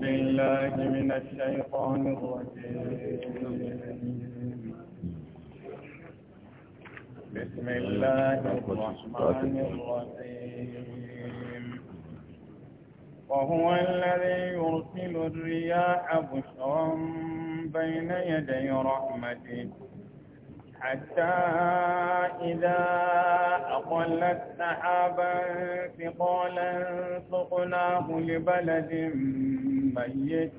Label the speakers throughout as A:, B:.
A: بالله من
B: الشيطان الرجيم بسم الله الرحمن الرحيم وهو الذي يرسل الرياح بشرا بين يدي رحمته حتى إذا أقلت سحابا ثقالا سقناه لبلد ميت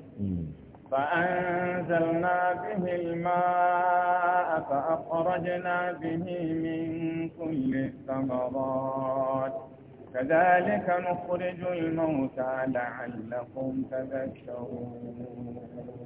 B: فأنزلنا به الماء فأخرجنا به من كل الثمرات كذلك نخرج الموتى لعلكم تذكرون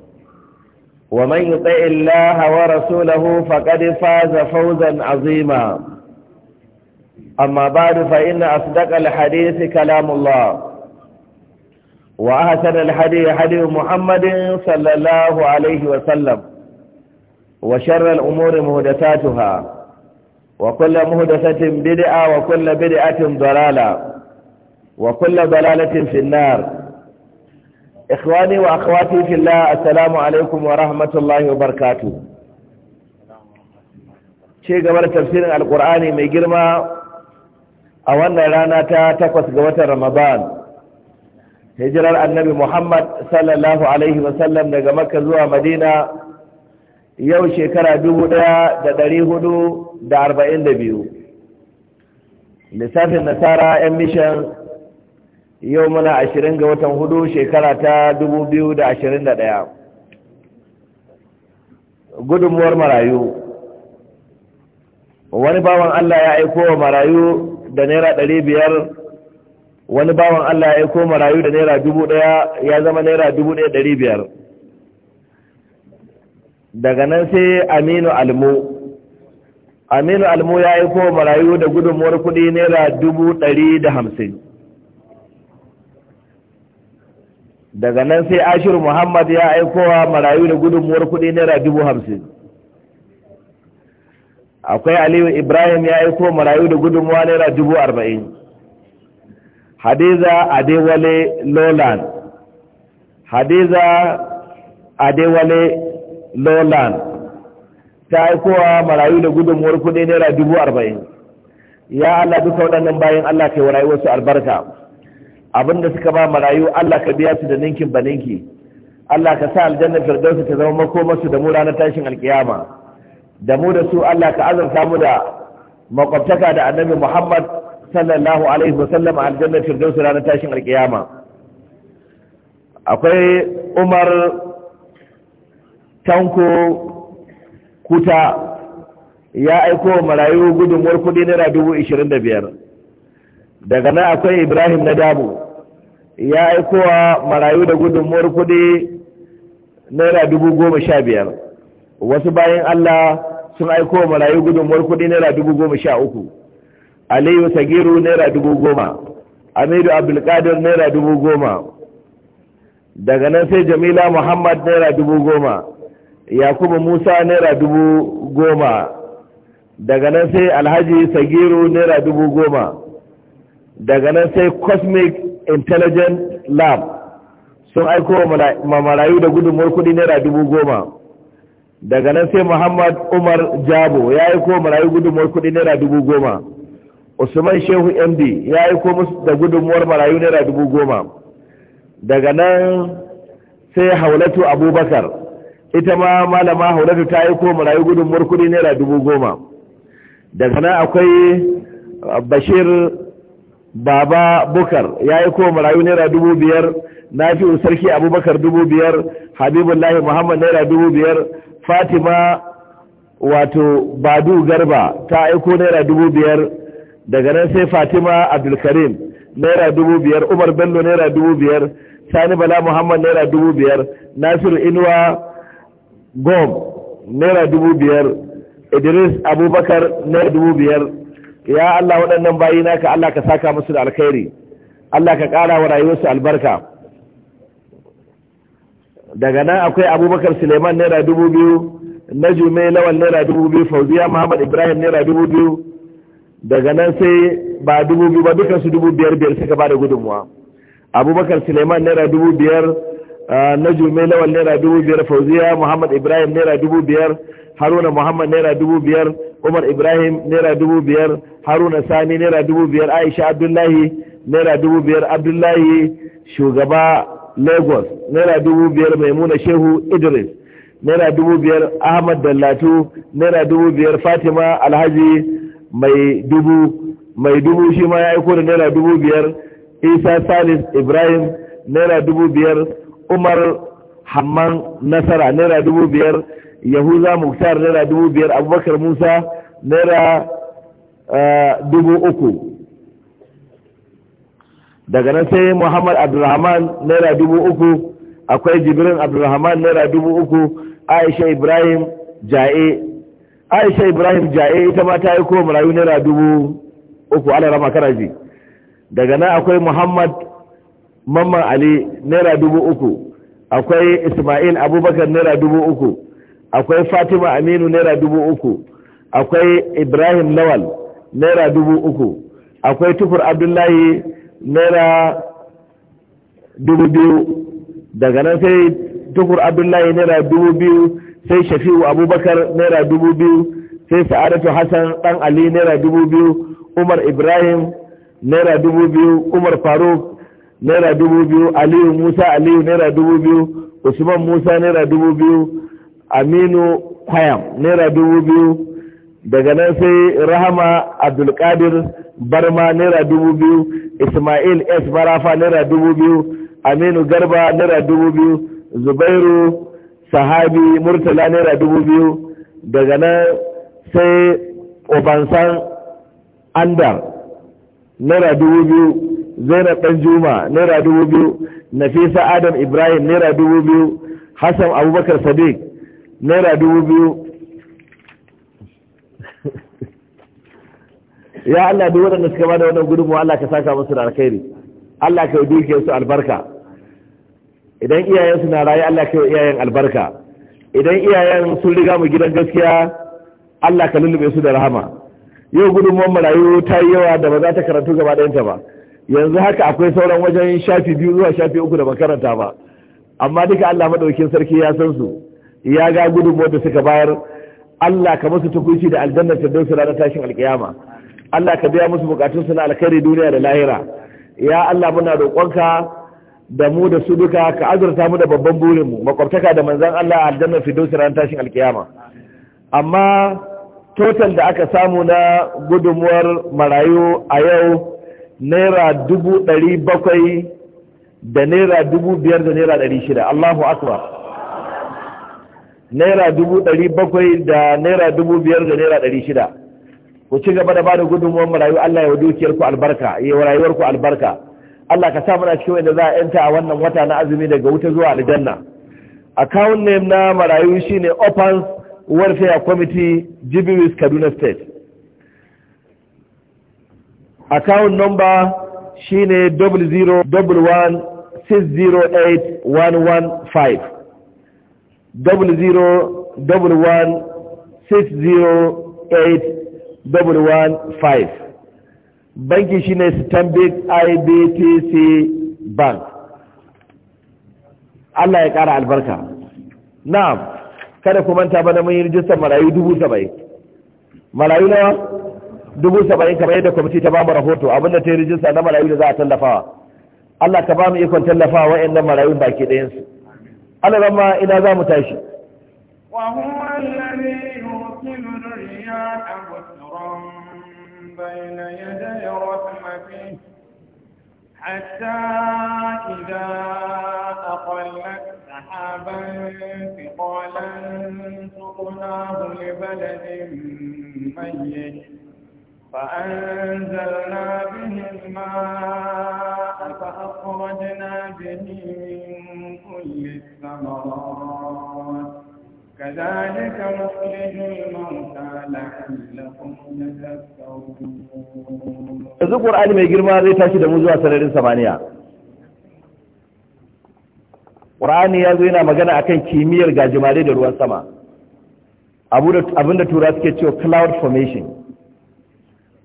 A: ومن يطع الله ورسوله فقد فاز فوزا عظيما أما بعد فإن أصدق الحديث كلام الله وأحسن الحديث حديث محمد صلى الله عليه وسلم وشر الأمور مهدساتها وكل مهدسة بدعة وكل بدعة ضلالة وكل ضلالة في النار ikhwani wa akhwati fillah assalamu alaikum wa rahmatullahi wa barkatu. ce gaba da tafsirin alkur'ani mai girma a wannan rana ta takwas ga watan ramadan hijirar annabi muhammad sallallahu alaihi sallam, daga maka zuwa madina yau shekara dubu ɗaya da ɗari hudu da arba'in da biyu lissafin nasara 'yan mishan yau muna ashirin ga watan hudu shekara ta dubu biyu da ashirin da ɗaya gudunmuwar marayu wani bawan Allah ya aiko wa marayu da naira ɗari biyar wani bawan Allah ya aiko marayu da naira dubu ɗaya ya zama naira dubu ɗaya ɗari biyar daga nan sai aminu almu aminu almu ya aiko wa marayu da gudunmuwar kuɗi naira dubu ɗari da hamsin daga nan sai ashir muhammad ya aikowa marayu da gudunmuwar kudi naira dubu hamsin akwai aliyu ibrahim ya aiko marayu da gudunmuwa naira dubu arba'in hadiza adewale lowland hadiza adewale lowland ta aikowa marayu da gudunmuwar kudi naira dubu arba'in ya allah duka waɗannan bayan allah ke wa rayuwarsu albarka Abin da suka ba marayu Allah ka biya su da ninkin ba ninki Allah ka sa aljanna firdausu ta zama makomarsu da mu ranar tashin alkiyama da mu da su Allah ka azurta mu da makwabtaka da annabi Muhammad sallallahu alaihi wa a aljanna firdausu ranar tashin alkiyama akwai Umar Tanko Kuta ya aiko marayu gudunmuwar kudi naira dubu ishirin da biyar daga nan akwai ibrahim na damu ya aikowa marayu da gudunmuwar kudi naira dubu goma sha biyar wasu bayan allah sun aikowa marayu gudunmuwar kudi naira dubu goma sha uku aliyu sagiru naira dubu goma amiru abdulkadir naira dubu goma daga nan sai jamila muhammad naira dubu goma yakubu musa naira dubu goma daga nan sai alhaji sagiru naira dubu goma daga nan sai cosmic intelligent lab sun aiko wa marayu da gudunmuwar kudi naira dubu goma daga nan sai muhammad umar jabo ya aiko marayu gudunmuwar kudi naira dubu goma usman shehu md ya aiko musu da gudunmuwar marayu naira dubu goma daga nan sai haulatu abubakar ita ma malama haulatu ta aiko marayu gudunmuwar kudi naira dubu goma daga nan akwai bashir baba bukar ya yi kowa marayu naira dubu biyar na fi sarki abubakar dubu biyar habibullahi muhammad naira dubu biyar fatima wato badu garba ta aiko naira dubu biyar daga nan sai fatima abdulkarim naira dubu biyar umar bello naira dubu biyar sani bala muhammad naira dubu biyar nasiru inuwa gom naira dubu biyar idris abubakar naira dubu biyar ya Allah waɗannan bayi naka Allah ka saka musu da alkhairi Allah ka ƙara wa rayuwarsu albarka daga nan akwai abubakar suleiman naira dubu biyu na jume lawal naira dubu biyu fauziya muhammad ibrahim naira dubu biyu daga nan sai ba dubu biyu ba dukansu dubu biyar biyar suka ba da gudunmuwa abubakar suleiman naira dubu biyar na jume lawan naira dubu biyar fauziya muhammad ibrahim naira dubu biyar haruna muhammad naira dubu biyar umar ibrahim naira dubu biyar haruna sani naira dubu biyar aisha abdullahi naira dubu biyar abdullahi shugaba lagos naira dubu biyar maimuna shehu idris naira dubu biyar ahmad dallatu naira dubu biyar fatima alhaji mai dubu mai dubu shi ma ya aiko da naira dubu biyar isa salis ibrahim naira dubu biyar umar hamman nasara naira dubu biyar yahuza muktar naira dubu biyar abubakar musa naira eh, dubu uku daga nan sai muhammad abdulrahman naira dubu uku akwai jibirin abdulrahman naira dubu uku aisha ibrahim ja'e aisha ibrahim ja'e ita ma ta yi ko marayu naira dubu uku ala rama karaji daga nan akwai muhammad mamman ali naira dubu uku akwai ismail abubakar naira dubu uku akwai fatima aminu naira dubu uku akwai ibrahim lawal naira dubu uku akwai tukur abdullahi naira dubu biyu daga nan sai tukur abdullahi naira dubu biyu sai shafi'u abubakar naira dubu biyu sai sa'adatu hassan dan ali naira dubu biyu umar ibrahim naira dubu biyu umar faruk naira dubu biyu aliyu musa aliyu naira dubu biyu usman musa naira dubu biyu aminu kwayam naira dubu biyu daga nan sai rahama abdulkadir barma naira dubu biyu ismail s barafa naira dubu biyu aminu garba naira dubu biyu zubairu sahabi murtala naira dubu biyu daga nan sai obansan andar naira dubu biyu zainab dan juma naira dubu biyu nafisa adam ibrahim naira dubu biyu hassan abubakar sadiq naira dubu biyu ya allah duk waɗanda suka ba da wannan gudunmu allah ka saka musu da alkhairi allah ka duke su albarka idan iyayen na raye allah ka iyayen albarka idan iyayen sun riga mu gidan gaskiya allah ka lullube su da rahama yau gudunmuwan marayu ta yi yawa da ba za ta karantu gaba ɗayanta ba yanzu haka akwai sauran wajen shafi biyu zuwa shafi uku da makaranta ba amma duka Allah madaukin sarki ya san su ya ga gudun da suka bayar Allah ka musu tukunci da aljannar firdausi ranar tashin alkiyama Allah ka biya musu bukatun su na alkhairi duniya da lahira ya Allah muna roƙonka da mu da su duka ka azurta mu da babban burin mu makwabtaka da manzon Allah a aljannar firdausi ranar tashin alkiyama amma total da aka samu na gudunmuwar marayu a yau naira dubu ɗari bakwai da naira dubu biyar da naira ɗari shida allahu akbar naira dubu ɗari bakwai da naira dubu biyar da naira ɗari shida ku ci gaba da bada gudunmuwan marayu allah ya wa dukiyar albarka ya wa albarka allah ka sa muna cikin wanda za a yanta a wannan wata na azumi daga wuta zuwa aljanna account name na marayu shine opens warfare committee jibiris kaduna state account number shine 0011608115 0011608115 banki shine stambic IBTC bank Allah ya kara albarka na'am kada ku manta bana mun yi rijistar marayu 70 marayu nawa dubu saba'in kamar yadda kwamiti ta bamu rahoto abinda ta yi rijista na marayu da za a tallafawa Allah ka bamu ikon tallafawa wa'annan marayun baki ɗayansu Allah ramma ina za mu tashi
B: وهو الذي يرسل الرياح بشرا بين يدي رحمته حتى إذا أقلت سحابا ثقالا سقناه لبلد ميت فأنزلنا به الماء فأخرجنا به من كل الثمرات كذلك نخرج الموتى لعلكم تذكرون yanzu ƙur'ani mai
A: girma ما tashi da mu zuwa sararin samaniya ƙur'ani ya zo yana magana akan kimiyyar gajimare da ruwan sama abinda tura suke cewa cloud formation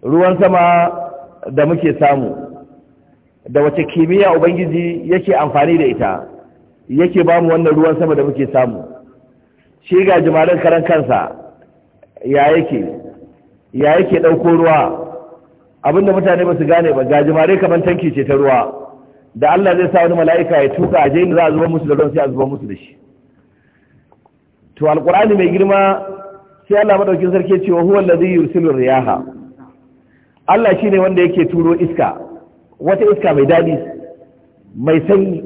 A: ruwan sama da muke samu da wace kimiyya ubangiji yake amfani da ita yake ba mu wannan ruwan sama da muke samu shi ga jimalin karan kansa ya yake ya yake ɗauko ruwa abinda mutane ba su gane ba ga jimare kamar tanki ce ta ruwa da Allah zai sa wani mala'ika ya tuka a jini za a zuba musu da ruwan sai a zuba musu da shi to alkur'ani mai girma sai Allah madaukin sarki ce wa huwa allazi yursilu riyaha Allah shi ne wanda yake turo iska wata iska mai daɗi mai sanyi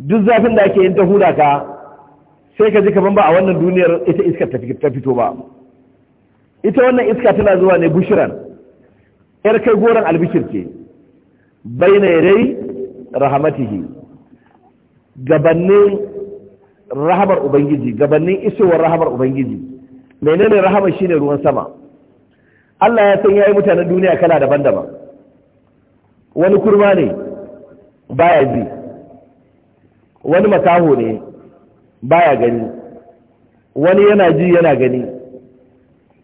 A: duk zafin da ake yin ta hura ka sai ka ji kaman ba a wannan duniyar ita iska ta fito ba ita wannan iska tana zuwa ne bushiran yar kai goron albishirke bai na yadai rahamatihi gabannin rahamar ubangiji gabannin isowar rahamar ubangiji menene shi ne ruwan sama Allah ya san yayi mutanen duniya kala daban-daban wani kurma ne baya ji wani makaho ne baya gani wani yana ji yana gani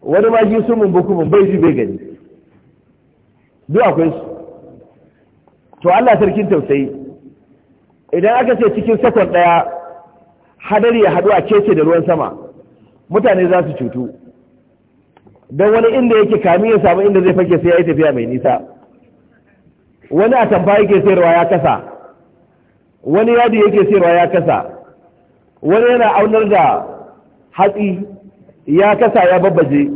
A: wani ma ji sumun mun bai ji bai gani duk akwai su to Allah sarkin tausayi idan aka ce cikin sakon daya hadari ya haɗu a kece da ruwan sama mutane za su cutu don wani inda yake kami ya samu inda zai fake sai ya yi tafiya mai nisa wani a tamfa yake sayarwa ya kasa wani yadi yake sayarwa ya kasa wani yana aunar da hatsi ya kasa ya babbaje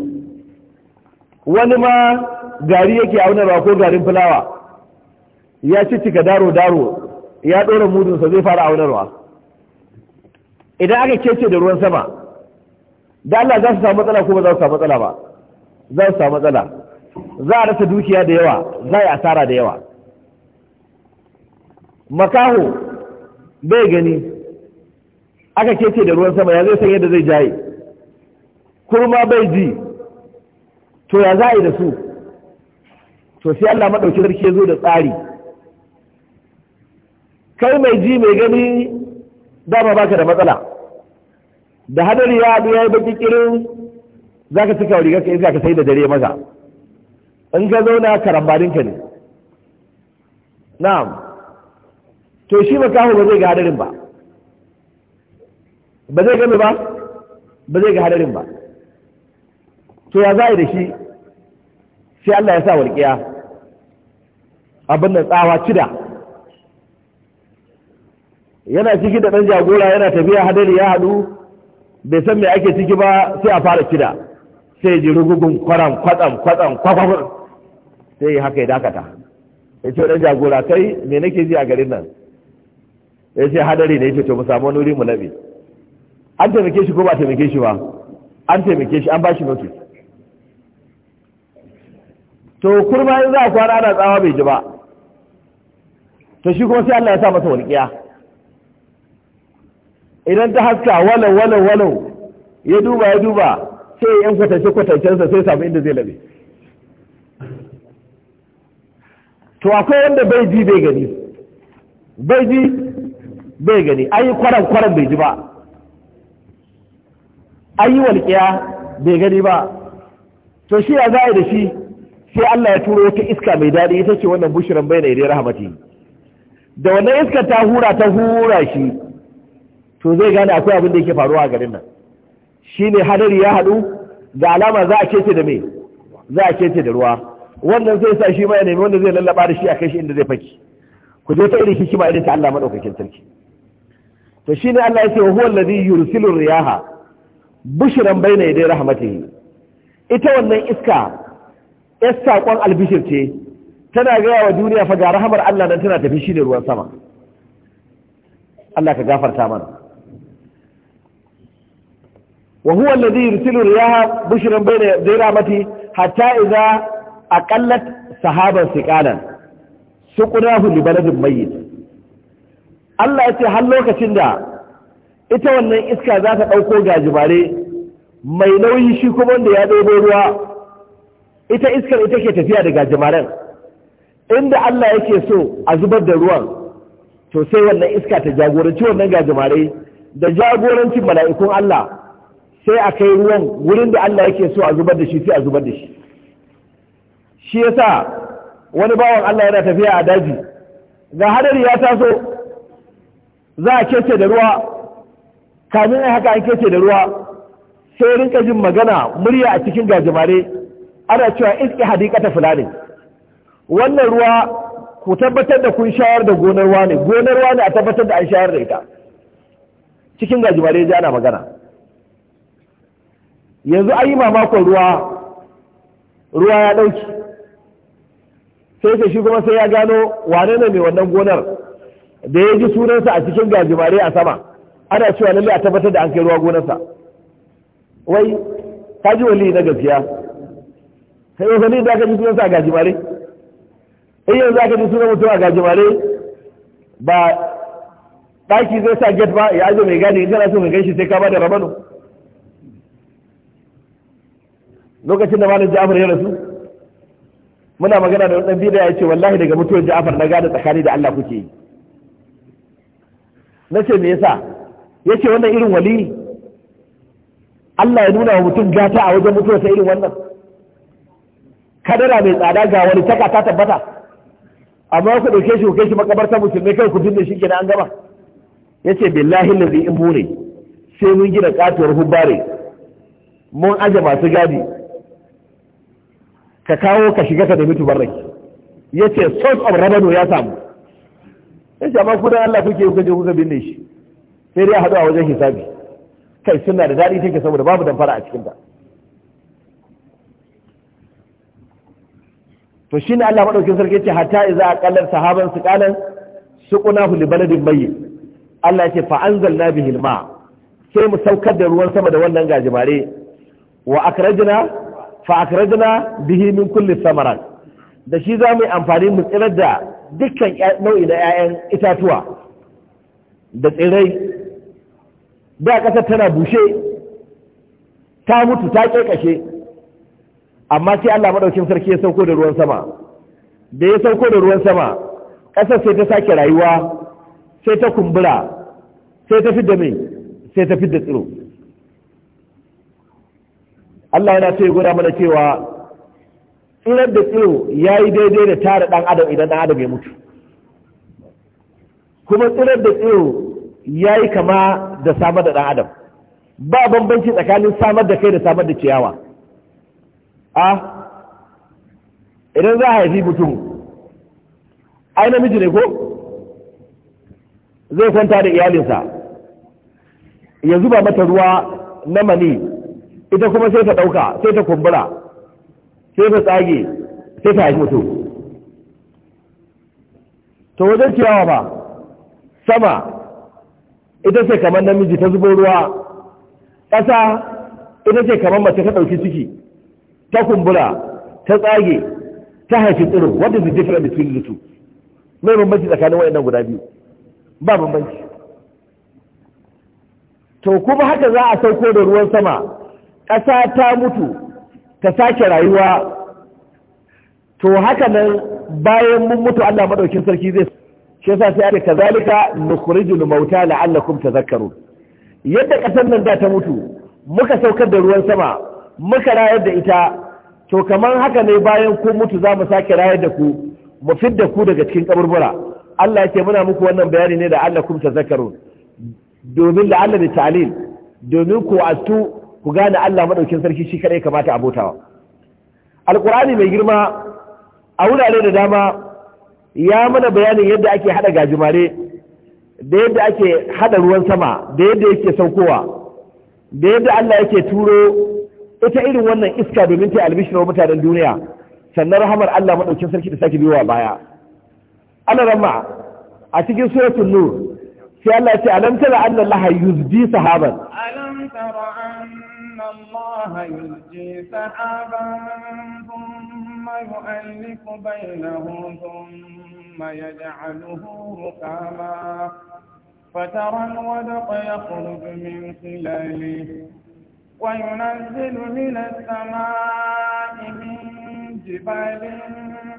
A: wani ma gari yake aunarwa ko garin fulawa ya cicika daro-daro ya ɗora mudunsa zai fara aunarwa idan aka kece da ruwan sama da Allah za su samu matsala ko ba za su samu matsala ba za su samu matsala za a rasa dukiya da yawa za a yi asara da yawa makaho bai gani aka kece da ruwan sama ya zai san yadda zai jaye kurma bai ji to ya za a yi da su to sai Allah maɗauki sarki ya zo da tsari kai mai ji mai gani dama baka da matsala da hadari ya ya yi baƙi za ka cika rigar ka iska ka sai da dare maza in ka zauna karambanin ka ne na'am to shi makaho ba zai ga hadarin ba ba zai gami ba ba zai ga hadarin ba to ya za'i da shi sai Allah ya sa walƙiya abin da tsawa cida yana ciki da ɗan jagora yana tafiya hadari ya haɗu bai san me ake ciki ba sai a fara cida sai ji rugugun kwaram kwatsam kwatsam kwakwakwa sai ya haka ya dakata ya ce wadanda jagora kai me nake ji a garin nan ya ce hadari ne ya ce to mu samu wani mu nabi an taimake shi ko ba taimake shi ba an taimake shi an ba shi notice to kurma in za a kwana ana tsawa bai ji ba to shi kuma sai Allah ya sa masa walƙiya idan ta haska walau walau walau ya duba ya duba sai yan kwatance kwatancensa sai samu inda zai labe to akwai wanda bai ji bai gani bai ji bai gani an yi kwaran kwaran bai ji ba an yi walƙiya bai gani ba to shi ya za da shi sai Allah ya turo wata iska mai daɗi ita ce wannan bushiran bai na idai rahamati da wannan iska ta hura ta hura shi to zai gane akwai abin da yake faruwa a garin nan shine hadari ya haɗu ga alama za a kece da me za a kece da ruwa wannan zai sa shi ma nemi wanda zai lallaba da shi a kai shi inda zai faki ku je ta irin hikima irin ta Allah madaukakin sarki to shine Allah ya ce huwa allazi yursilu riyaha bushran bayna yaday rahmatihi ita wannan iska iska saƙon albishir ce tana gaya wa duniya fa ga rahamar Allah nan tana tafi shi ne ruwan sama Allah ka gafarta mana وهو الذي يرسل الرياح بشرا بين يدي رحمته حتى اذا اقلت سحابا ثقالا سقناه لبلد ميت baladin يتي Allah ya ce har lokacin da ita wannan iska za ta ɗauko gajibare mai nauyi shi kuma wanda ya ɗebo ruwa ita iskar ita ke tafiya da gajimaren inda Allah yake so a zubar da ruwan to sai wannan iska ta jagoranci wannan gajimare da jagorancin mala'ikun Allah sai a kai ruwan wurin da Allah yake so a zubar da shi sai a zubar da shi shi yasa wani bawan Allah yana tafiya a daji ga hadari ya taso za a kece da ruwa kamin ai haka an kece da ruwa sai rinka jin magana murya a cikin gajimare ana cewa iski hadikata fulani wannan ruwa ku tabbatar da kun shayar da gonarwa ne gonarwa ne a tabbatar da an shayar da ita cikin gajimare ji ana magana yanzu an yi mamakon ruwa ruwa ya ɗauki sai ka shi kuma sai ya gano wane ne mai wannan gonar da ya ji sunansa a cikin gajimare a sama ana cewa lalle a tabbatar da an kai ruwa gonarsa wai ka ji wali na gaskiya sai yau sanin da aka ji sunansa a gajimare in yanzu aka ji sunan mutum a gajimare ba ɗaki zai sa get ba ya ajiye mai gane in kana so mai gaishe sai ka ba da rabano lokacin da malam Ja'far ya rasu muna magana da wannan bidiyo ya ce wallahi daga mutuwar Ja'far na gane tsakani da Allah kuke yi na me yasa yace wannan irin wali Allah ya nuna wa mutum gata a wajen mutuwar sai irin wannan kadara mai tsada ga wani taka ta tabbata amma ku dauke shi ku kai shi makabarta musulmai kai ku binne shi kenan an gama yace billahi lazi in bure sai mun gina katuwar hubbare mun aje masu gadi ka kawo ka shiga ka nemi tubarraki ya ce source of revenue ya samu ya ce amma kudan Allah kuke kuka je kuka binne shi sai dai haɗu a wajen hisabi kai suna da daɗi take saboda babu damfara a cikinta to shi ne Allah madaukin sarki ce hatta iza a sahaban su ƙalan su huli baladin mayi Allah ya ce fa'anzal na bihil sai mu saukar da ruwan sama da wannan gajimare wa akrajna fa akrajna bihi min kulli samarat da shi za mu yi amfani mu tsirar da dukkan nau'i na 'ya'yan itatuwa da tsirai da ƙasar tana bushe ta mutu ta ƙeƙashe amma sai Allah maɗaukin sarki ya sauko da ruwan sama da ya sauko da ruwan sama ƙasar sai ta sake rayuwa sai ta kumbura sai ta fidda mai sai ta fidda tsiro Allah yana so ya gwada mana cewa tsirar da tsiro ya yi daidai da tara ɗan adam idan ɗan adam ya mutu kuma tsirar da tsiro ya yi kama da samar da ɗan adam ba bambanci tsakanin samar da kai da samar da ciyawa a idan za a haifi mutum ai namiji ne ko zai kwanta da iyalinsa yanzu ba mata ruwa na mani ita kuma sai ta ɗauka sai ta kumbura sai ta tsage sai ta haifi mutum to wajen ciyawa ba sama ita ce kamar namiji ta zubo ruwa ƙasa ita ce kamar mace ta ɗauki ciki ta kumbura ta tsage ta haifi tsiro wadda su jefira da cikin lutu mai bambanci tsakanin waɗannan guda biyu ba bambanci to kuma haka za a sauko da ruwan sama ƙasa ta mutu ta sake rayuwa to haka nan bayan mun mutu Allah maɗaukin sarki zai shi yasa sai ake kazalika nukhrijul mauta la'allakum tadhakkarun yadda ƙasar nan da ta mutu muka saukar da ruwan sama muka rayar da ita to kamar haka ne bayan ku mutu za mu sake rayar da ku mu fidda ku daga cikin kaburbura Allah yake muna muku wannan bayani ne da Allah kum tazakkarun domin la'alla bi ta'lil domin ku astu ku gane Allah madaukin sarki shi kaɗai kamata a bautawa alqur'ani mai girma a wurare da dama ya mana bayanin yadda ake hada gajimare da yadda ake hada ruwan sama da yadda yake saukowa da yadda Allah yake turo ita irin wannan iska domin ta albishir mutanen duniya sannan rahamar Allah madaukin sarki da sake biyowa baya ana ramma a cikin suratul nur sai Allah ya ce alam tara anna Allah yuzdi sahaban
B: alam tara الله يلجي سحابا ثم يؤلف بينه ثم يجعله ركاما فترى الودق يخرج من خلاله وينزل من السماء من جبال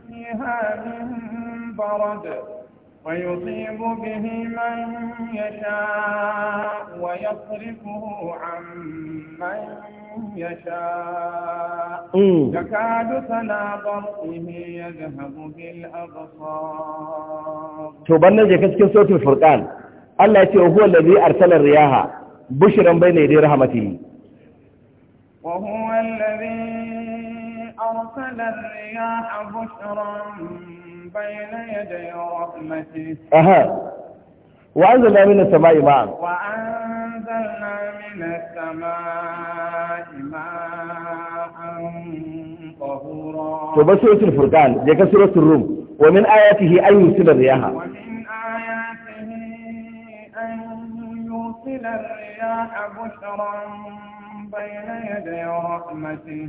B: فيها من برد ويصيب به من يشاء ويصرفه عن من يشاء يكاد سنا برقه يذهب بالأبصار
A: توبنا جاكت كن صوت الفرقان الله يتي هو الذي أرسل الرياح بشرا بين يدي رحمته
B: وهو الذي أرسل الرياح بشرا بين يدي رحمته
A: أها وأنزلنا من السماء ماء
B: وأنزلنا من السماء ماء طهورا فبس سورة
A: الفرقان جاء سورة الروم ومن آياته أن يرسل الرياح ومن
B: آياته أن يرسل الرياح بشرا بين يدي رحمته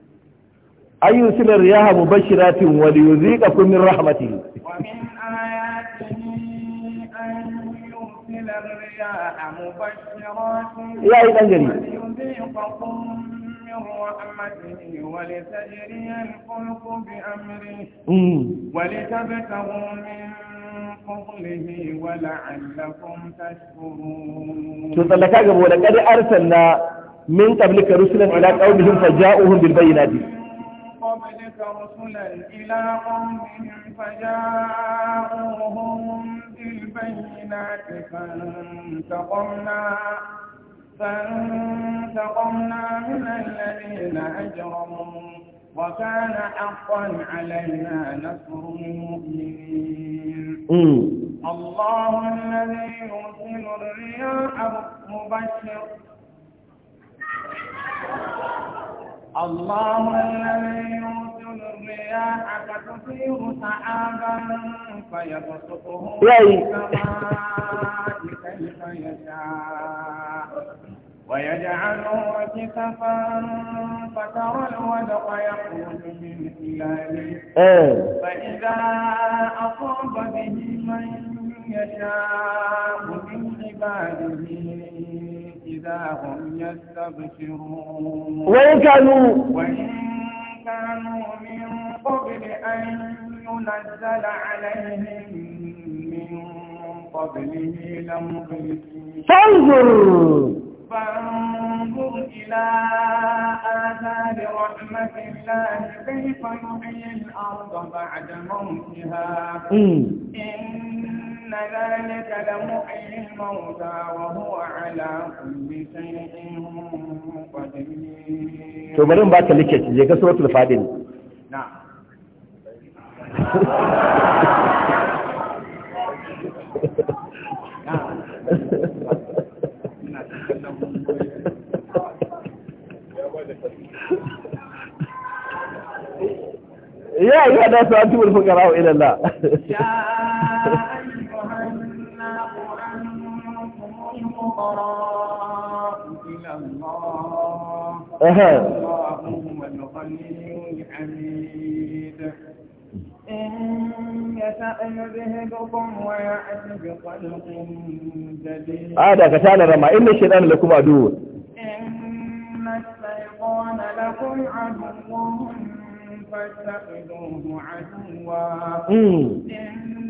A: أن يرسل الرياح مبشرات وليذيقكم من رحمته
B: ومن آياته أن يرسل الرياح مبشرات يا أيها الجليل وليذيقكم من رحمته ولتجري الخلق بأمره ولتبتغوا من فضله ولعلكم تشكرون شوف تطلقا قبل ولقد أرسلنا من قبلك رسلا إلى قومهم فجاؤهم بالبينات رسلا إلى قومهم فجاءوهم بالبينات فانتقمنا فانتقمنا من الذين أجرموا وكان حقا علينا نصر المؤمنين الله الذي يرسل الرياح مبشر الله الذي يرسل رأي ويجعله كسفا فترى الودق يخرج من خلاله فإذا أصاب به من يشاء من عباده إذا هم يستبشرون وإن كانوا وإن كانوا من قبل أن ينزل عليهم من قبله لمبلسين فانظر فانظر إلى آثار رحمة الله كيف يحيي الأرض بعد موتها إن إن ذلك لمحيي الموتى وهو على كل شيء قدير to bari in baka liket je ga
A: suratul fadil
B: يا أيها الناس
A: أنتم الفقراء إلى الله
B: Ada ah, ah, ka tana rama inda shi ɗan lakuma duwu. Inna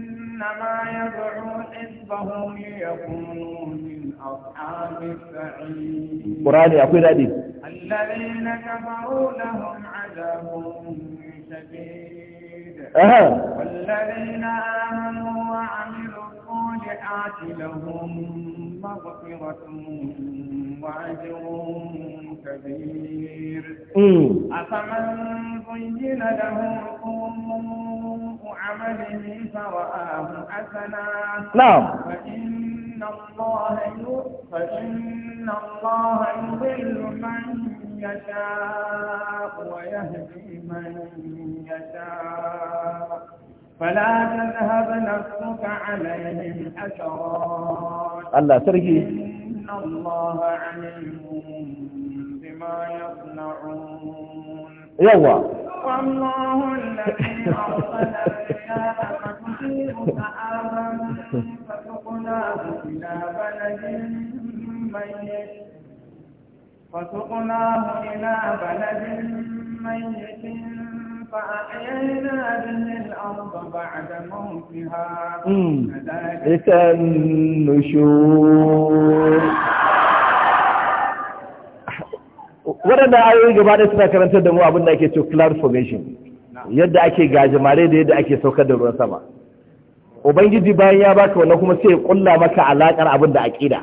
B: إنما يدعو حزبه ليكونوا من أصحاب السعير قرآن أقول هذه الذين كفروا لهم عذاب شديد والذين آمنوا وعملوا الصالحات لهم مغفرة وأجر كبير أفمن زين له سوء عمله فرآه حسنا نعم فإن الله فإن الله يضل من يشاء ويهدي من يشاء فلا تذهب نفسك عليهم حسرات الله ترجي إن الله عليم بما يصنعون يوا والله الذي أرسل الرياح فتثير سحابا فتقلاه إلى بلد ميت فسقناه إلى بلد ميت waɗanda
A: ayoyi gaba da suna karantar da mu abinda ake cewa cloud formation yadda ake gajimare da yadda ake saukar da ruwan sama ubangiji bayan ya baka wannan kuma sai ya kulla maka alaƙar abinda a ƙida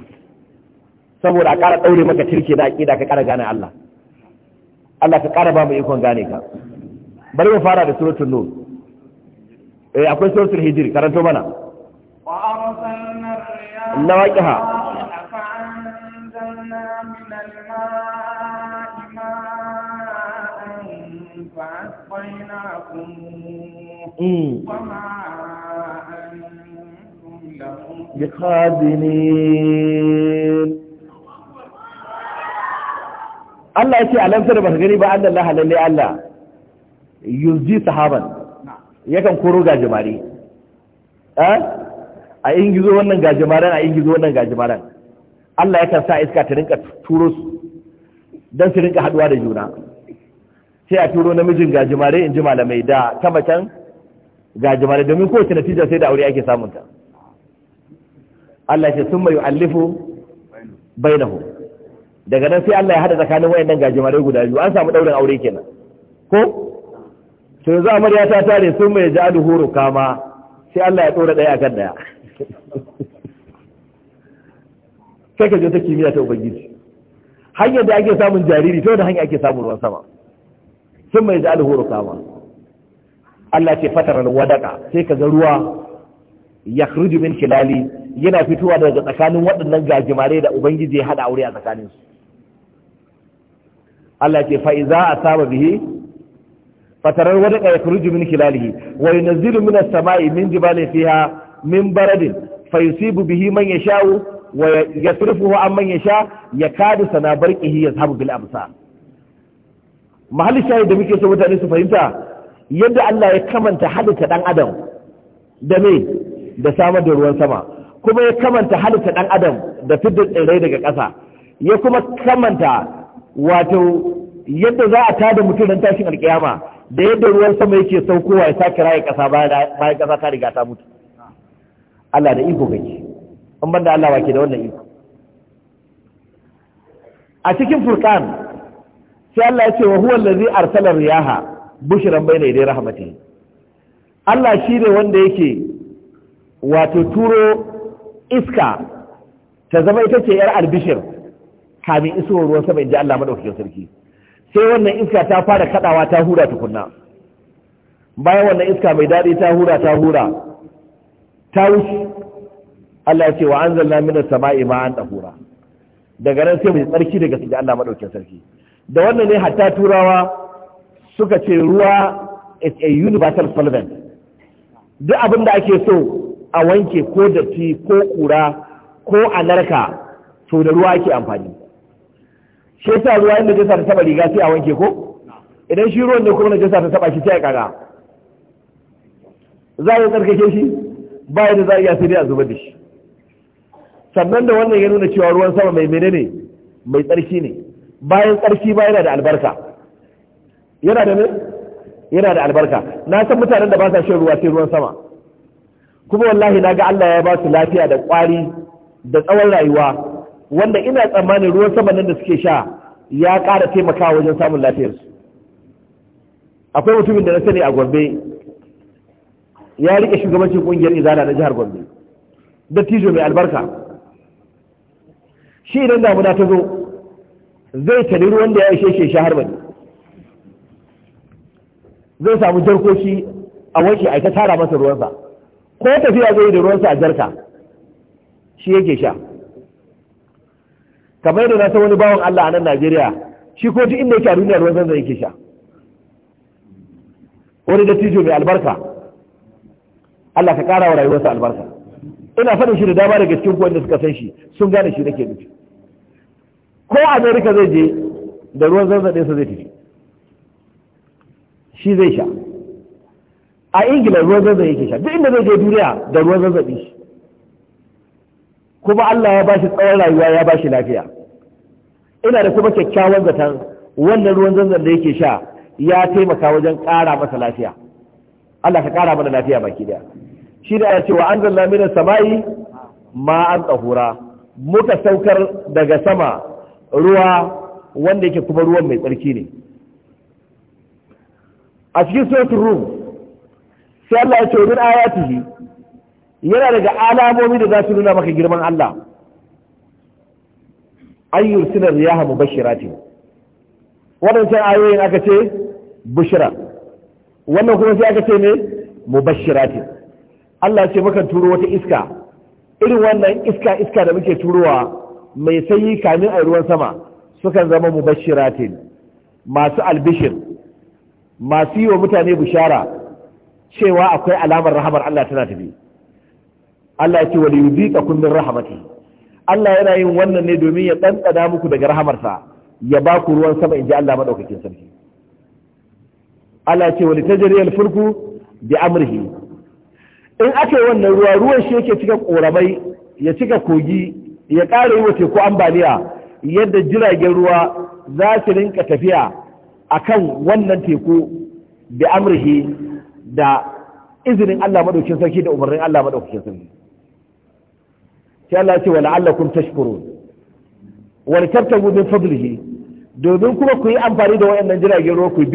A: saboda a ƙara ɗaure maka tirke da ƙida ka ƙara gane Allah Allah ka ƙara ba mu ikon gane ka bari mu fara da suratul nur eh akwai suratul hijr karanto mana
B: wa arsalna nawaqiha
A: بخادنين الله يتي علمتنا بخغني بأن الله للي الله yuzi sahaban yakan koro gajimare eh? a ingizo wannan gajimaren a ingizo wannan gajimaren Allah yakan sa iska ta rinka turo su don su rinka haduwa da juna sai a turo namijin gajimare in ji malamai da ta macen gajimare domin kowace natija sai da aure ake samunta Allah ce sun mai allifu bainahu daga nan sai Allah ya hada tsakanin wayannan gajimare guda biyu an samu daurin aure kenan ko to yanzu ya ta tare sun mai ji alhuru kama sai Allah ya tsora daya akan daya sai ka je ta kimiyya ta ubangiji hanyar da ake samun jariri ta wani hanya ake samun ruwan sama sun mai ji alhuru kama Allah ce fatarar wadaka sai ka ga ruwa ya min khilali yana fitowa daga tsakanin waɗannan gajimare da ubangiji ya haɗa aure a tsakaninsu Allah ce fa'iza a saba bihi fatarar wani ɗaya kuruji min hilalihi wa yunazzilu min mina samai min jibalin fiha min baradin fa yusibu bihi man yasha'u wa yasrifuhu an man yasha yakadu sana barqihi yazhabu bil absar mahallin shayi da muke so mutane su fahimta yadda Allah ya kamanta halitta ɗan adam da me da samar da ruwan sama kuma ya kamanta halitta dan adam da fidda tsirrai daga ƙasa ya kuma kamanta wato yadda za a tada mutum don tashin alkiyama da yadda ruwan sama yake saukowa ya sake raye ƙasa bayan ƙasa ta riga ta mutu Allah da iko gaji an banda Allah ke da wannan iko a cikin furkan, sai Allah ya ce wa huwa allazi arsala riyaha bushran bayna dai rahmati. Allah shi ne wanda yake wato turo iska ta zama ita ce yar albishir kamin isowar ruwan sama in ji Allah madaukakin sarki sai wannan iska ta fara kaɗawa ta hura tukunna bayan wannan iska mai daɗi ta hura ta hura ta wuce Allah ce wa an zalla minas sama'i ma an dahura daga nan sai mai tsarki daga su Allah madaukakin sarki da wannan ne hatta turawa suka ce ruwa is a universal solvent duk abin da ake so a wanke ko datti ko kura ko a narka to da ruwa ake amfani shi yasa ruwa inda jasa ta taba riga sai a wanke ko idan shi ruwan da kuma jesa ta taba shi sai a kaga za a yi tsarkake shi ba da za a iya sai dai a zuba da shi sannan da wannan ya nuna cewa ruwan sama mai menene mai tsarki ne bayan tsarki ba yana da albarka yana da ne yana da albarka na san mutanen da ba sa shan ruwa sai ruwan sama kuma wallahi na ga Allah ya ba su lafiya da kwari da tsawon rayuwa wanda ina tsammanin ruwan sama nan da suke sha ya ƙara taimakawa wajen samun lafiyarsu akwai mutumin da na sani a gombe ya rike shugabancin ƙungiyar izana na jihar gombe dattijo mai albarka shi idan damuna ta zo zai tani ruwan da ya ishe shi shahar bane zai samu jarkoki a wanke a tara masa ruwansa ko tafiya zai da ruwansa a jarka shi yake sha kamar yadda na san wani bawan Allah a nan Najeriya shi ko duk inda yake a duniya ruwan zanzan yake sha wani dattijo mai albarka Allah ka kara wa rayuwarsa albarka ina faɗin shi da dama daga cikin wanda suka san shi sun gane shi nake nufi ko Amerika zai je da ruwan zanzan ɗinsa zai tafi shi zai sha a ingila ruwan zanzan yake sha duk inda zai je duniya da ruwan zanzan ɗin kuma Allah ya bashi tsawon rayuwa ya bashi lafiya ina da kuma kyakkyawan zaton wannan ruwan zanzan da yake sha ya taimaka wajen ƙara masa lafiya Allah ka ƙara mana lafiya baki daya shi da ya ce wa an zalla mina sama'i ma an tsahura muka saukar daga sama ruwa wanda yake kuma ruwan mai tsarki ne a cikin suratul rum sai Allah ya ce min ayatihi yana daga alamomi da za su nuna maka girman Allah ayyur sinar riyaha ce waɗancan ayoyin aka ce bushira wannan kuma sai aka ce ne ce Allah ce muka turo wata iska irin wannan iska iska da muke turowa mai sanyi kamin a ruwan sama sukan zama mu ce masu albishir masu yi wa mutane bishara cewa akwai alamar rahamar Allah tana tafi Allah ya ce wa liyuziqakum min rahmatihi Allah yana yin wannan ne domin ya ɗanɗana muku daga rahamarsa ya ba ku ruwan sama in ji Allah maɗaukakin sarki Allah ce wani tajariyar furku bi amurhi in aka wannan ruwa ruwan shi yake cika ƙoramai ya cika kogi ya ƙara yi wa teku ambaliya yadda jiragen ruwa za su rinka tafiya a kan wannan teku bi amurhi da izinin Allah maɗaukakin sarki da umarnin Allah maɗaukakin sarki sai Allah ya ce wa la'allakum tashkurun wa min domin kuma ku yi amfani da wayannan jiragen ruwa ku yi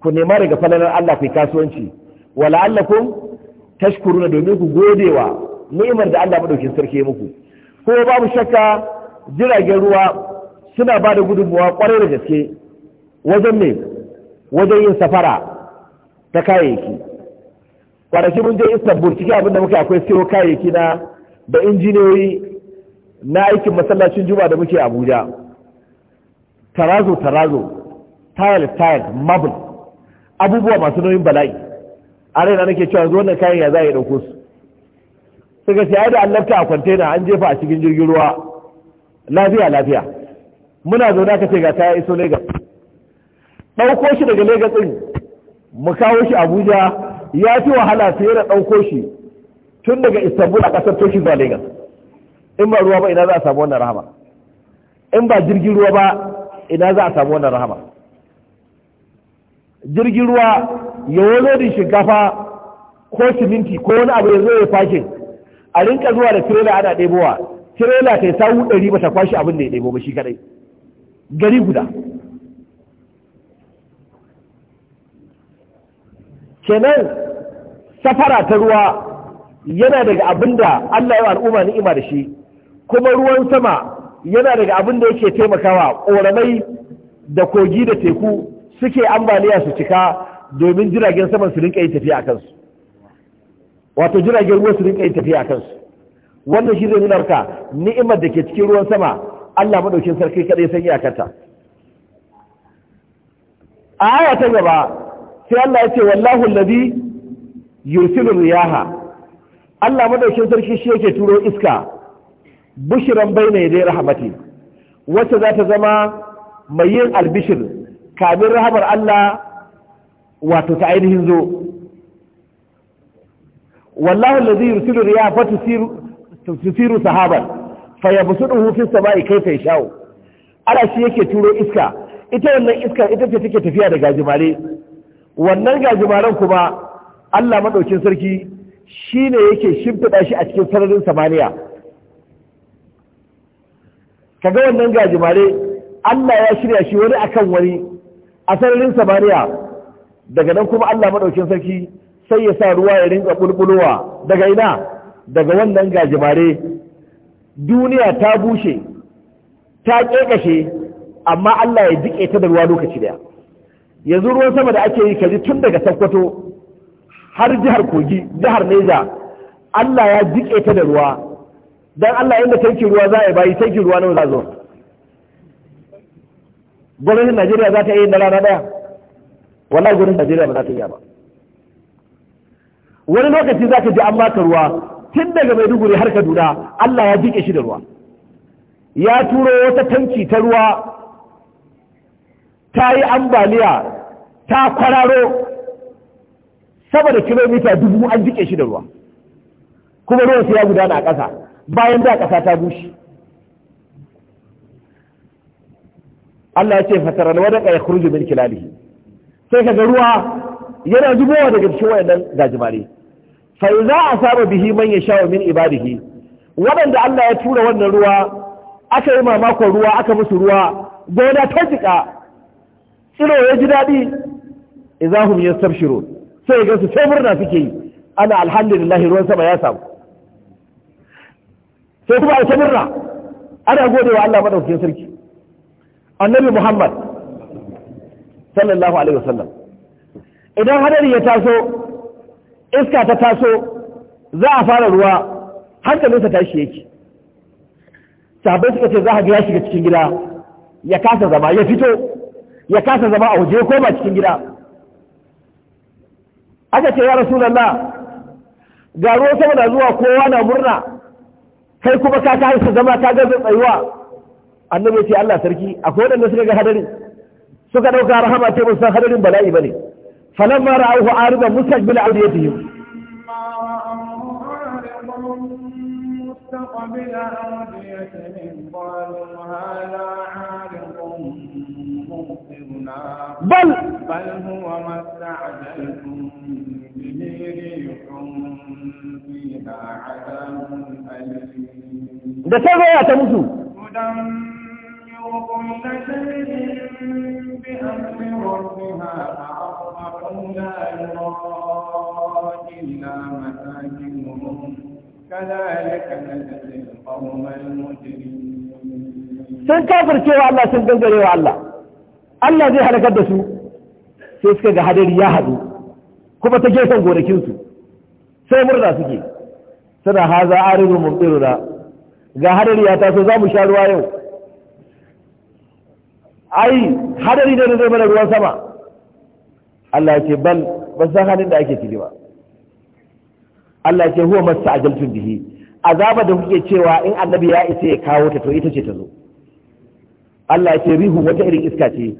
A: ku nema daga falalar Allah ku yi kasuwanci wa la'allakum tashkuruna domin ku godewa ni'imar da Allah madaukin sarki ya muku ko babu shakka jiragen ruwa suna ba da gudunmuwa kwarai da gaske wajen ne wajen yin safara ta kayayyaki kwanaki mun je istanbul cikin abin da muka akwai siyo kayayyaki na da injiniyoyi na aikin masallacin juma'a da muke abuja tarazo tarazo tile tile marble abubuwa masu nauyin bala'i a raina nake cewa zuwa wannan kayan ya za a yi ɗauko su suka ce ai da allafta a kwantena an jefa a cikin jirgin ruwa lafiya lafiya muna zaune aka ce ga kaya iso lagos ɗauko shi daga lagos ɗin mu kawo shi abuja ya fi wahala fiye da ɗauko shi tun daga istanbul a kasar turki zuwa lagos in ba ruwa ba ina za a samu wannan rahama in ba jirgin ruwa ba ina za a samu wannan rahama jirgin ruwa ya wani shinkafa ko siminti ko wani abu ya zo ya fashin a rinka zuwa da tirela ana ɗebowa tirela ta yi sawu ɗari ba ta kwashe abin da ya ɗebo ba shi kaɗai gari guda kenan safara ta ruwa yana daga abin da Allah ya al'umma ni'ima da shi kuma ruwan sama yana daga abin da yake taimakawa ƙoramai da kogi da teku suke ambaliya su cika domin jiragen saman su rinka yin tafiya a kansu wato jiragen ruwa su rinka yin tafiya a kansu wannan shi zai nuna maka ni'imar da ke cikin ruwan sama Allah madaukin sarki kadai san iyakarta a aya ta gaba sai Allah ya ce wallahu alladhi yursilu riyaha Allah madaukin sarki shi yake turo iska bushiran baina yadai rahmati wacce za ta zama mai yin albishir kamin rahamar Allah wato ta ainihin zo wallahu allazi yursilu fa tusiru sahaban yabsuduhu fi sama'i kayfa yasha'u Allah shi yake turo iska ita wannan iska ita ce take tafiya da gajimare wannan gajimaren kuma Allah madaukin sarki shi ne yake shimfiɗa shi a cikin sararin samaniya kaga wannan gajimare Allah ya shirya shi wani akan wani a sararin samaniya daga nan kuma Allah maɗaukin sarki sai ya sa ruwa ya rinka ɓulɓulowa daga ina daga wannan gajimare duniya ta bushe ta ƙeƙashe amma Allah ya jiƙe ta da ruwa lokaci daya yanzu ruwan sama da ake yi kaji tun daga sakkwato har jihar kogi jihar neja Allah ya jike ta da ruwa dan Allah inda tankin ruwa za a bayi tankin ruwa nawa za zo gwamnatin Najeriya za ta yi na rana daya wallahi gwamnatin Najeriya ba za ta yi ba wani lokaci za ka ji an baka ruwa tun daga Maiduguri har Kaduna Allah ya jike shi da ruwa ya turo wata tanki ta ruwa ta yi ambaliya ta kwararo sama da kilomita dubu an jike shi da ruwa kuma ruwan sai ya gudana a ƙasa bayan da ƙasa ta bushe Allah ya ce fataral wadaka ya kurju min kilalihi sai ga ruwa yana zubowa daga cikin wayannan gajimare fa idza asaba bihi man yasha min ibadihi wadanda Allah ya tura wannan ruwa aka yi mamakon ruwa aka musu ruwa gona ta jika tsiro ya ji dadi idza hum yastabshirun sai ga su sai murna suke yi ana alhamdulillah ruwan sama ya samu sai kuma a murna ana godewa Allah madaukakin sarki annabi Muhammad sallallahu alaihi wasallam idan hadari ya taso iska ta taso za a fara ruwa hankalinsa tashi yake sabai suka ce za a ga ya shiga cikin gida ya kasa zama ya fito ya kasa zama a waje ko ba cikin gida aka ce ya rasulullah ga ruwan sama da zuwa kowa na murna kai kuma ka ta su zama ka gaza tsayuwa annabi ce Allah sarki akwai wadanda suka ga hadari suka dauka rahama ce musan hadarin bala'i bane falamma mara aridan mustaqbil awdiyatihim bila
B: أوديتهم قالوا هذا عارض بل بل هو ما استعجلتم ta mutu. فيها عدم Sun kafir cewa
A: Allah sun gangarewa Allah. Allah zai halakar da su sai suka ga hadari ya haɗu kuma ta gefen gonakinsu sai murna suke suna haza ariru mumtiruna ga hadari ya taso za mu sha ruwa yau ai hadari ne da zai mana ruwan sama Allah ce bal ban san halin da ake ciki Allah ce huwa masta ajaltun bihi azaba da kuke cewa in annabi ya isa ya kawo ta to ita ce ta zo Allah ce rihu wata irin iska ce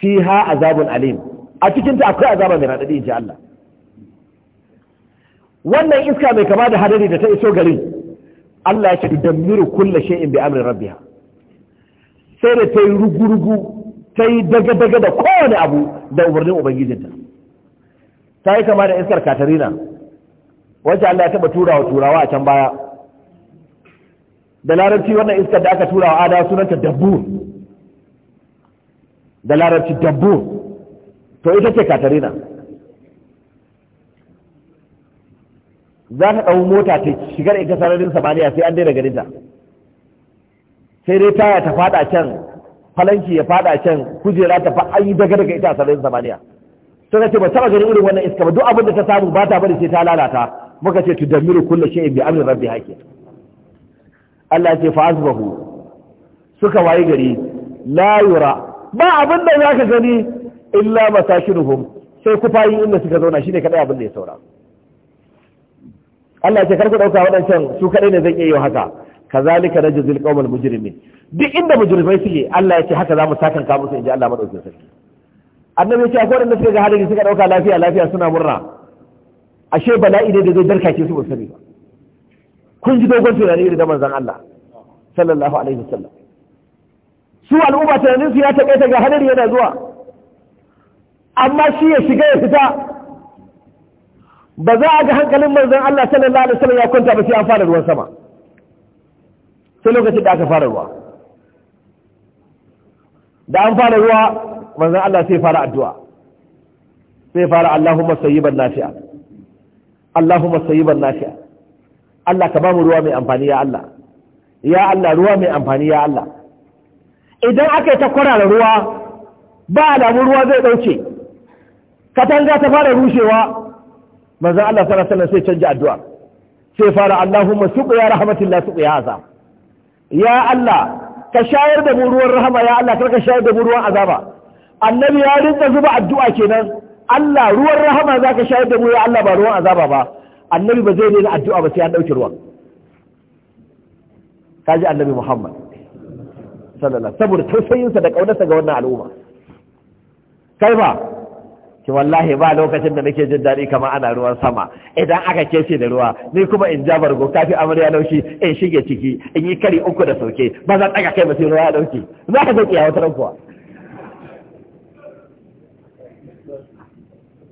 A: fiha azabun alim a cikin ta akwai azaba mai radadi inji Allah wannan iska mai kama da hadari da ta iso garin Allah ya ce dammiru kulla shay'in bi amri rabbiha sai da ta yi rugurugu ta yi daga-daga da kowane abu da umarnin ubangijinta ta yi kama da iskar katarina wacce Allah ya taba turawa turawa a can baya da larabci wannan iskar da aka turawa ada sunanta dabbur da larabci dabbur to ita ce katarina za ta ɗau mota ta shigar ita sararin samaniya sai an daina ganin ta sai dai taya ta fada can falanki ya fada can kujera ta fa an yi daga daga ita sararin samaniya na ce ba saba ganin irin wannan iska ba duk abin da ta samu ba ta bari sai ta lalata muka ce tudammiru kullu shay'in bi amri rabbi hake. Allah ce fa azbahu suka wayi gari la yura ba abin da ka gani illa masakinuhum sai kufayi inda suka zauna shine kadai abin da ya saura Allah ce karku ɗauka waɗancan su kadai ne zan iya yi haka ka na najzil qaumal mujrimin duk inda mujrimai suke Allah ya ce haka za mu sakanka musu inji Allah madaukakin sarki annabi ya ce akwai wanda suka ga hadari suka ɗauka lafiya lafiya suna murna ashe bala'i ne da zai ke su ba sani ba kun ji dogon tunani da manzon Allah sallallahu alaihi wasallam su al'umma tunanin su ya takaita ga hadari yana zuwa amma shi ya shiga ya fita ba za a ga hankalin manzon Allah sallallahu alaihi wasallam ya kwanta ba sai an fara ruwan sama sai lokacin da aka fara ruwa da an fara ruwa manzon Allah sai fara addu'a sai fara Allahumma sayyiban nafi'a Allahumma sayyiban nafi'a Allah ka ba mu ruwa mai amfani ya Allah ya Allah ruwa mai amfani ya Allah idan aka yi ta kwarara ruwa ba alamun ruwa zai ɗauke katanga ta fara rushewa manzan Allah sana sana sai canja addu'a sai fara Allahumma suƙu ya rahmatillah suƙu ya azab ya Allah ka shayar da mu ruwan rahama ya Allah kar ka shayar da mu ruwan azaba annabi ya rinka zuba addu'a kenan Allah ruwan rahama za ka shayar da mu ya Allah ba ruwan azaba ba annabi ba zai daina addu'a ba sai an ɗauki ruwan ji annabi Muhammad sallallahu saboda tausayinsa da kaunarsa ga wannan al'umma kai ba ki wallahi ba lokacin da nake jin daɗi kamar ana ruwan sama idan aka kece da ruwa ni kuma in ja bargo kafi amarya laushi in shige ciki in yi kari uku da sauke ba zan tsaka kai masu ruwa ya ɗauki za ka zaki a wata rankuwa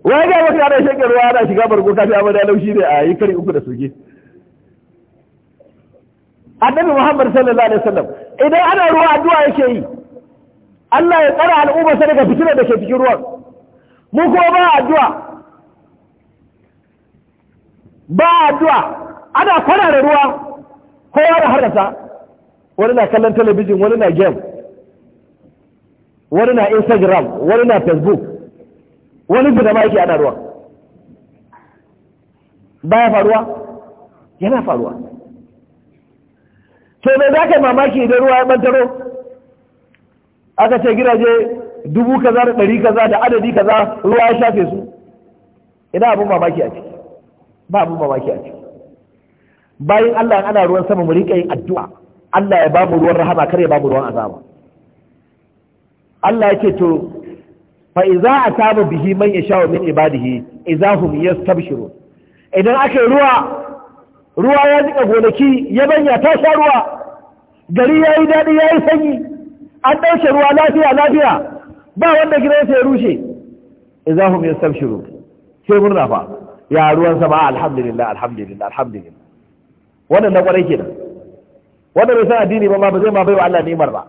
A: wai ga maka ana shige ruwa ana shiga bargo kafi amarya laushi ne a yi kari uku da sauke annabi muhammad sallallahu alaihi wasallam idan ana ruwa addu'a yake yi Allah ya tsara sai daga fitilar da ke cikin ruwan mu kuma ba addu'a ba addu'a ana kwana da ruwa kowa da harasa wani na kallon talabijin wani na game wani na instagram wani na facebook wani su ma yake ana ruwa ba ya faruwa yana faruwa to me za ka mamaki idan ruwa ya bantaro aka ce gidaje dubu kaza da ɗari kaza da adadi kaza ruwa ya shafe su ina abin mamaki a ciki ba abin mamaki a ciki bayan Allah ana ruwan sama mu riƙa yin addu'a Allah ya ba mu ruwan rahama kar ya ba mu ruwan azaba Allah yake to fa iza asaba bihi man yasha min ibadihi idan aka yi ruwa ruwa ya jika gonaki ya banya ta sha ruwa gari ya yi daɗi ya yi sanyi an ɗauke ruwa lafiya lafiya ba wanda gidansa ya rushe idahum yastabshiru sai murna fa ya ruwan sama alhamdulillah alhamdulillah alhamdulillah wannan na kwarai kenan wanda bai san addini ba ma ba zai ma baiwa Allah ni'imar ba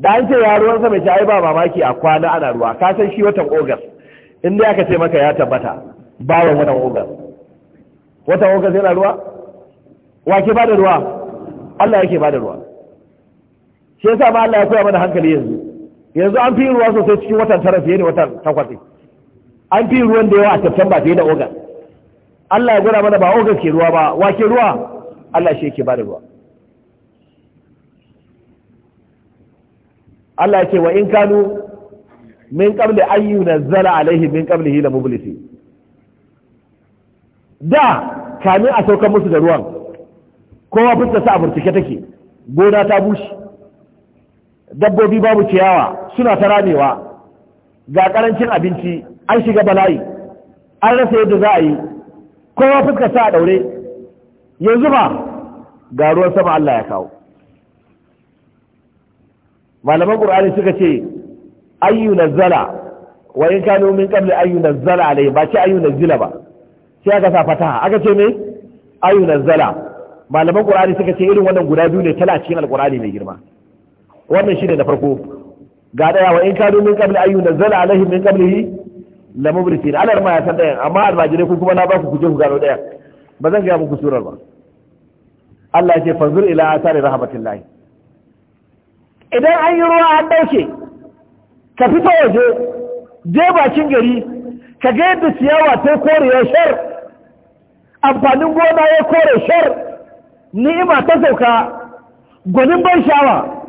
A: da an ce ya ruwan sama ce ai ba mamaki a kwana ana ruwa ka san shi watan ogas in dai aka ce maka ya tabbata bawan watan ogas watan ogas yana ruwa wa ke da ruwa Allah yake bada ruwa shi yasa ma Allah ya koya mana hankali yanzu yanzu an fi ruwa sosai cikin watan tara fiye da watan takwas an fi ruwan da yawa a September fiye da August Allah ya gura mana ba August ke ruwa ba wa ke ruwa Allah shi yake da ruwa Allah yake wa in kanu min qabli ayyun yunzala alaihi min qablihi la mublisi da kamin a saukar musu da ruwan kowa fuskarsa a burtuke take gona ta bushe dabbobi babu ciyawa suna ta ramewa ga karancin abinci an shiga bala'i an rasa yadda za a yi kowa fuskarsa a daure yanzu ba ga ruwan sama Allah ya kawo malaman Al-Qur'ani suka ce ayyu nazzala wa in kanu min qabli ayyu nazzala alai ba ce ayyu nazzila ba sai aka sa fataha aka ce me ayyu nazzala malaman qur'ani suka ce irin wannan guda biyu ne tana cikin alqur'ani mai girma wannan shine na farko ga daya wa in kadu min qabli ayyu nazala alaihim min qablihi la mubrisin ala ma ya san ɗayan. amma almajirai ku kuma na ba ku kuje ku gano ɗayan. ba zan ga muku surar ba Allah ya ce fanzur ila asari rahmatillahi idan an yi ruwa an dauke ka fito waje je bakin gari ka ga yadda ciyawa ta kore ya shar amfanin gona ya kore shar ni'ima ta sauka gwanin ban sha'awa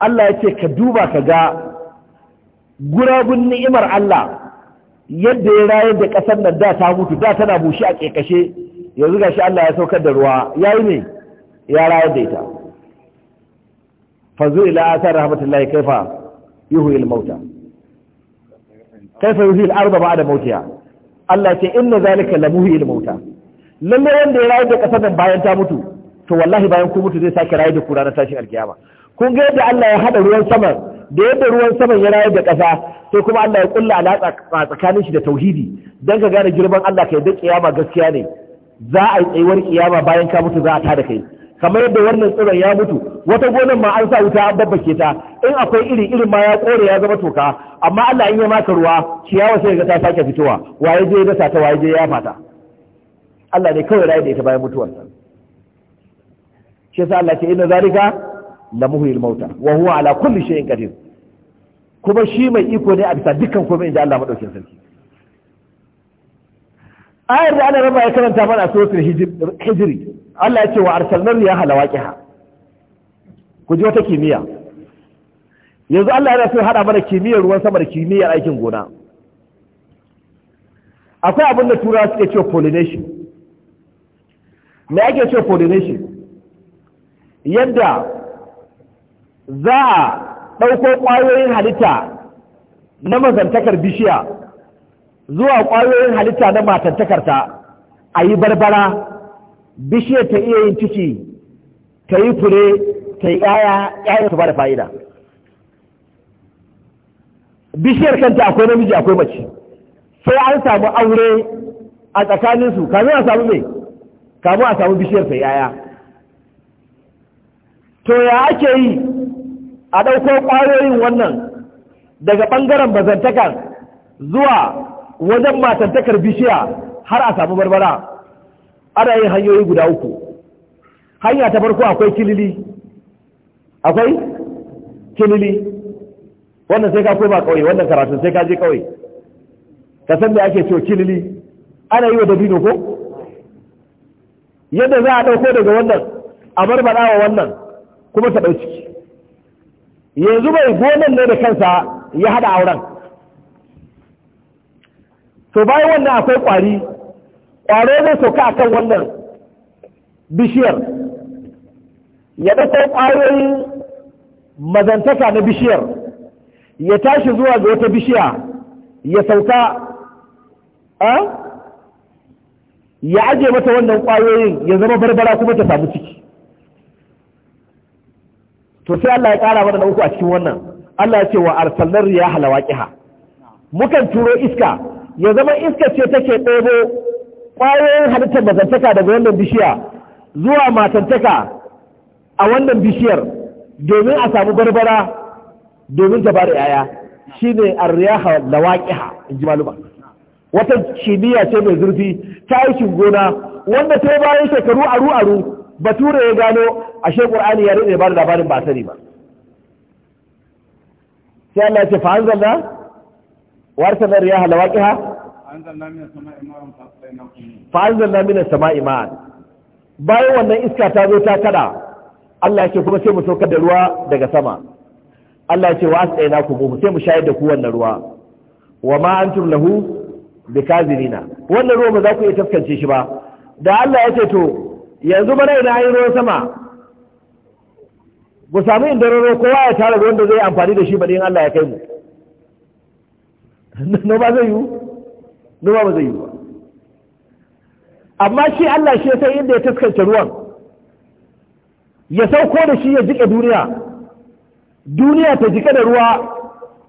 A: Allah ya ce ka duba ka ga gurabun ni'imar Allah yadda ya rayar da ƙasar nan da ta mutu da tana bushe a ƙeƙashe yanzu shi Allah ya saukar da ruwa ya yi ne ya rayar da ita fanzu ila asar rahmatullahi kaifa yuhu il mauta kaifa yuhu il arba ba da mautiya Allah ce inna zalika lamuhi il mauta lalle wanda ya rayu da kasar nan bayan ta mutu to wallahi bayan ku mutu zai sake rayu da kura na tashin alkiyama kun ga yadda Allah ya hada ruwan sama da yadda ruwan sama ya rayu da kasa sai kuma Allah ya kulla alaka tsakanin shi da tauhidi dan ka gane girman Allah kai da kiyama gaskiya ne za a yi tsayuwar kiyama bayan ka mutu za a tada kai kamar yadda wannan tsiron ya mutu wata gonan ma an sa wuta an babbake ta in akwai iri irin ma ya kore ya zama toka amma Allah in ya maka ruwa ciyawa sai ga ta sake fitowa waye je ya dasa ta waye je ya fata Allah ne kawai raye da ita bayan mutuwarsa shi yasa Allah ce inna zalika la muhyil mauta wa huwa ala kulli shay'in qadir kuma shi mai iko ne a bisa dukkan komai inda Allah madaukin sarki ayar da Allah rabba ya karanta mana a suratul hijri Allah ya ce wa arsalna riyaha lawaqiha ku ji wata kimiyya yanzu Allah yana so hada mana kimiyyar ruwan sama da kimiyyar aikin gona akwai abin da turawa suke cewa pollination me ake ce coordination yadda za a ɗauko ƙwayoyin halitta na mazantakar bishiya zuwa ƙwayoyin halitta na matantakarta a yi barbara bishiyar ta iya yin ciki ta yi fure ta yi ƙaya ƙaya ta ba da fa'ida bishiyar kanta akwai namiji akwai mace sai an samu aure a tsakaninsu kamin a samu mai kamu a samu bishiyar ta yaya to ya ake yi a ɗauko ƙwayoyin wannan daga ɓangaren bazantakar zuwa wajen matantakar bishiya har a samu barbara ana yin hanyoyi guda uku hanya ta farko akwai kilili akwai kilili wannan sai ka koma kawai wannan karatun sai ka je kawai ka san da ake cewa kilili ana yi wa dabino ko yadda za a ɗauko daga wannan a barbaɗa wa wannan kuma ta ɗauki yanzu mai gonan ne da kansa ya haɗa auren to bayan wannan akwai ƙwari ƙwaro zai sauka a kan wannan bishiyar ya ɗauko ƙwayoyin mazantaka na bishiyar ya tashi zuwa ga wata bishiya ya sauka eh? ya aje mata wannan kwayoyin ya zama barbara kuma ta samu ciki to sai Allah ya kara mana uku a cikin wannan Allah ya ce wa arsalnar riyaha lawaqiha mukan turo iska ya zama iska ce take ɗebo ƙwayoyin halittar mazantaka daga wannan bishiya zuwa matantaka a wannan bishiyar domin a samu barbara domin ta bada yaya shine arriyaha lawaqiha in ji maluma wata cibiya ce mai zurfi ta aikin gona wanda ta yi bayan shekaru aru aru bature ya gano a ashe ƙur'ani ya rike ba da labarin ba sani ba sai Allah ce fa wa ha?
B: fa sama
A: ma'an bayan wannan iska ta zo ta kada Allah ya ce kuma sai mu saukar da ruwa daga sama Allah ya ce wa asqaynakum sai mu shayar da ku wannan ruwa wa ma lahu bi kazirina wannan ruwan ba za ku iya taskance shi ba da Allah ya ce to yanzu bana ina yi ruwan sama ku samu inda ruwan kowa ya tara ruwan da zai amfani da shi ba in Allah ya kai mu noma zai yi noma ba zai yi ba amma shi Allah shi sai inda ya taskance ruwan ya sauko da shi ya jike duniya duniya ta jike da ruwa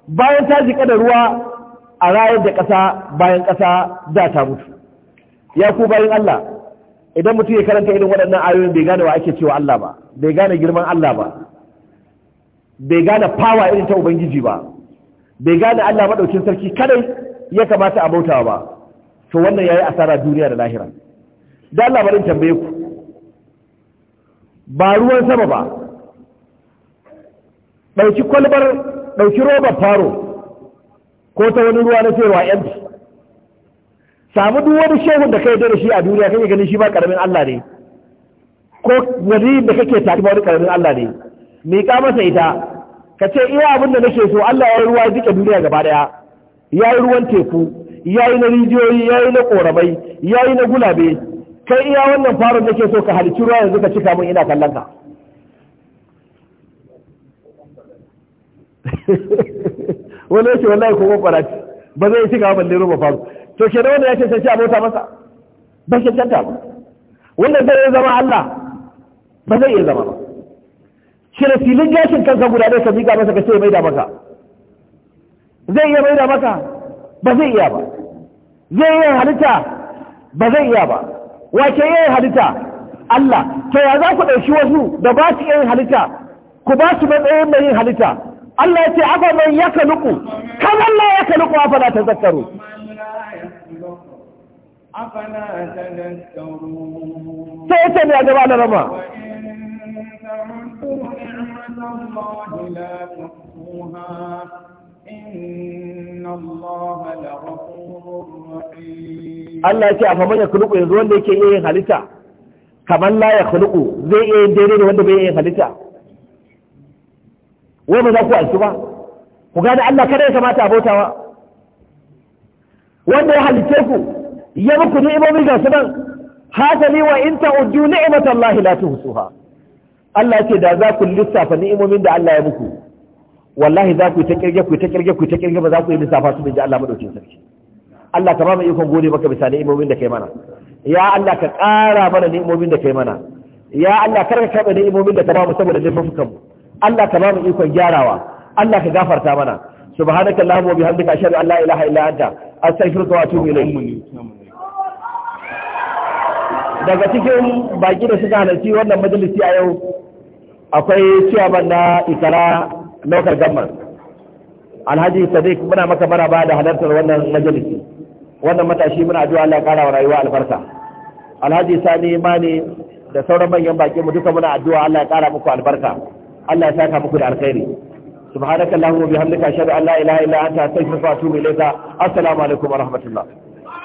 A: bayan ta jike da ruwa a rayar da ƙasa bayan ƙasa da ta mutu ya ku bayan Allah idan mutum ya karanta irin waɗannan ayoyin bai gane wa ake cewa Allah ba bai gane girman Allah ba bai gane fawa irin ta ubangiji ba bai gane Allah maɗaukin sarki kadai ya kamata a bautawa ba to wannan yi asara duniya da lahira da Allah bari tambaye ku ba ruwan sama ba ɗauki kwalbar ɗauki robar faro ko ta wani ruwa na sayarwa yanci samu duk wani shehun da kai da shi a duniya kake ganin shi ba karamin Allah ne ko wani da kake tafi ba wani karamin Allah ne miƙa masa ita ka ce iya abin da nake so Allah ya yi ruwa duka duniya gaba daya ya yi ruwan teku ya yi na rijiyoyi ya yi na koramai ya yi na gulabe kai iya wannan farin nake so ka halicci ruwa yanzu ka cika min ina kallon ka wani yake wallahi ko kwakwara ce ba zai ci shiga balle roba faru to ke da wanda ya sai a bauta masa ba shi canta ba wanda zai iya zama Allah ba zai iya zama ba shi da filin gashin kanka guda ɗaya ka miƙa masa ka ce mai da maka zai iya mai da maka ba zai iya ba zai iya halitta ba zai iya ba wace iya halitta Allah to ya za ku ɗauki wasu da ba su iya halitta ku ba su matsayin mai yin halitta Allah ya ce afa man kan kaman ya kaluku afa ta zakaru sai ita ne a gaba na rama Allah ya ce afa man kaluku yanzu wanda yake yin halitta kaman la kaluku zai iya yin daidai da wanda bai yin halitta wai ba za ku aiki ba ku gane Allah kada ya kamata a bautawa wanda ya halice ku ya muku ni'imomi ga su nan hasali wa in ta'uddu Allah la tuhsuha Allah yake da za ku lissafa ni'imomin da Allah ya muku wallahi za ku yi ta kirge ku yi ta kirge ku yi ta kirge ba za ku yi lissafa su da Allah madaukin sarki Allah ka ba mu ikon gode maka bisa ni'imomin da kai mana ya Allah ka ƙara mana ni'imomin da kai mana ya Allah kar ka karɓa ni'imomin da ka ba mu saboda laifukan mu Allah ka ba mu ikon gyarawa Allah ka gafarta mana subhanaka allahumma wa bihamdika ashhadu an la ilaha illa anta astaghfiruka wa atubu ilayk daga cikin baki da suka halarci wannan majalisi a yau akwai ciyaman na ikara local government alhaji sadiq muna maka maraba da halartar wannan majalisi wannan matashi muna addu'a Allah ya kara wa rayuwa albarka alhaji sani mani da sauran manyan baki mu duka muna addu'a Allah ya kara muku albarka Allah ya saka muku da alkhairi subhanakallahumma bihamdika ashhadu an la ilaha illa anta astaghfiruka wa atubu ilayka assalamu alaikum wa rahmatullah